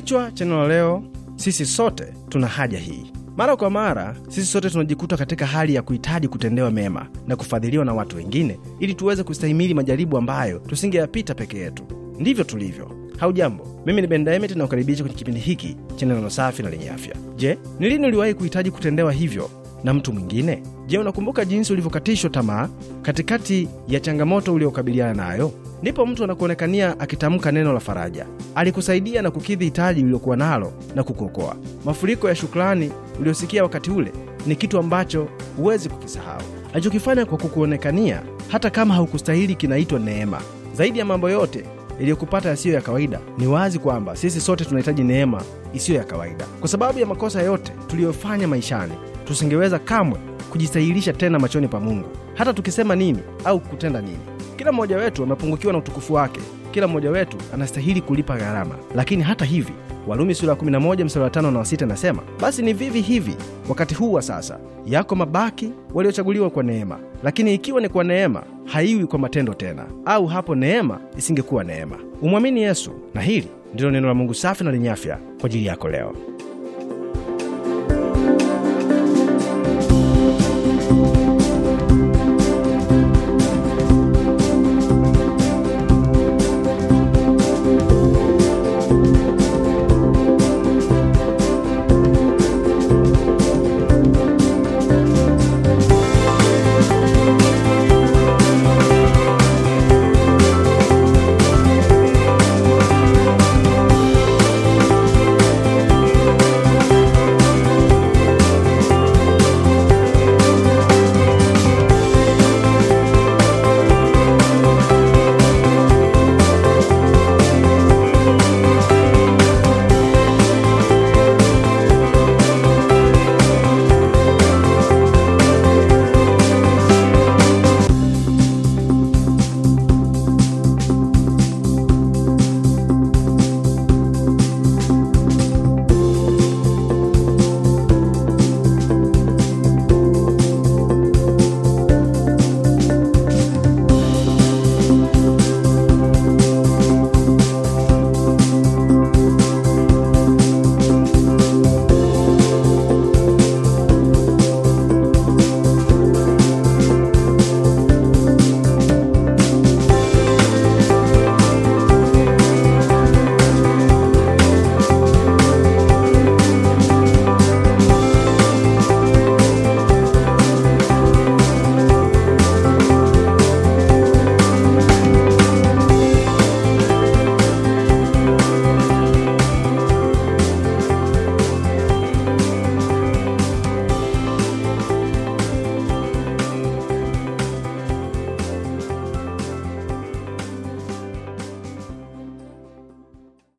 Kichwa cha neno leo: sisi sote tuna haja hii. Mara kwa mara sisi sote tunajikuta katika hali ya kuhitaji kutendewa mema na kufadhiliwa na watu wengine ili tuweze kustahimili majaribu ambayo tusingeyapita peke yetu. Ndivyo tulivyo. Haujambo, mimi ni Ben naukaribisha na kukaribisha kwenye kipindi hiki cha neno safi na lenye afya. Je, ni lini uliwahi kuhitaji kutendewa hivyo na mtu mwingine? Je, unakumbuka jinsi ulivyokatishwa tamaa katikati ya changamoto uliokabiliana nayo? ndipo mtu anakuonekania akitamka neno la faraja. Alikusaidia na kukidhi hitaji uliyokuwa nalo na kukuokoa. Mafuriko ya shukrani uliyosikia wakati ule ni kitu ambacho huwezi kukisahau. Alichokifanya kwa kukuonekania, hata kama haukustahili, kinaitwa neema. Zaidi ya mambo yote iliyokupata yasiyo ya kawaida, ni wazi kwamba sisi sote tunahitaji neema isiyo ya kawaida. Kwa sababu ya makosa yote tuliyofanya maishani, tusingeweza kamwe kujistahilisha tena machoni pa Mungu, hata tukisema nini au kutenda nini. Kila mmoja wetu amepungukiwa na utukufu wake, kila mmoja wetu anastahili kulipa gharama. Lakini hata hivi, walumi sura ya 11 mstari wa 5 na 6 nasema, basi ni vivi hivi wakati huu wa sasa, yako mabaki waliochaguliwa kwa neema. Lakini ikiwa ni kwa neema, haiwi kwa matendo tena, au hapo neema isingekuwa neema. Umwamini Yesu, na hili ndilo neno la Mungu safi na lenye afya kwa ajili yako leo.